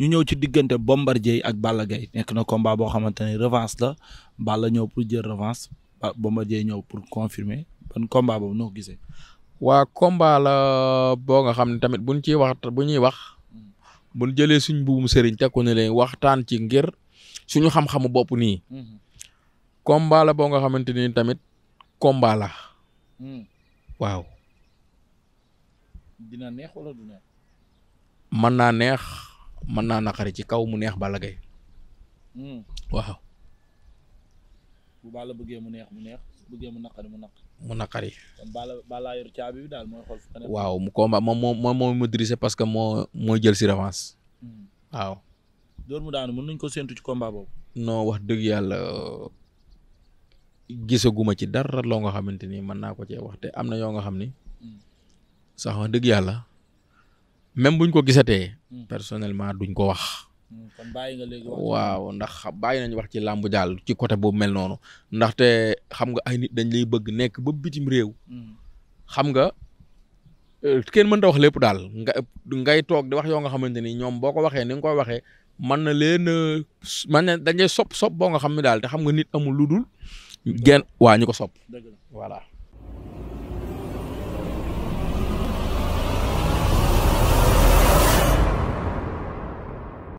ñu ñëw ci diggante Bombardier ak Balla Gaye nekk na komba boo xamante ne revanche la Balla ñëw pour jël revanche Bombardier ñëw pour confirmer ba combat boobu noo gisee. waa combat la boo nga xam ne tamit buñ ciy wax bu ñuy wax buñ jëlee suñ buum sëriñ tekku ne leen waxtaan ci ngir suñu xam-xamu bopp nii. Mm-hmm. combat la boo nga xamante ni tamit combat la. Mm. waaw. naa neex mën naa naqari ci kaw mu neex Balla Gaye hmm. waaw. bu Balla bëggee mu neex mu neex bëggee mu naqari mu naqari. mu naqari. waaw mu combat moom moom moom moo parce que moo moo jël si revanche. Hmm. waaw. door mu daanu mën nañ ko séntu ci komba boobu. noo wax dëgg yàlla gisaguma ci dara loo nga xamante ni mën naa ko cee wax te am na yoo nga xam ni. Hmm. sax wax dëgg yàlla même buñ ko gisatee. Hmm. personnellement duñ ko wax. Hmm, bàyyi nga léegi waaw ndax bàyyi nañu wax ci làmb daal ci côté boobu mel noonu ndaxte xam nga ay nit dañ lay bëgg nekk ba bitim réew. Hmm. xam nga euh, kenn mën ta wax lépp daal nga ngay toog di wax yoo nga xamante ni ñoom boo ko waxee ni nga koy waxee mën na leen man na dañ lay sop sopp boo nga xam ne daal te xam nga nit amul lu dul. genn waa ñu ko sopp. dëgg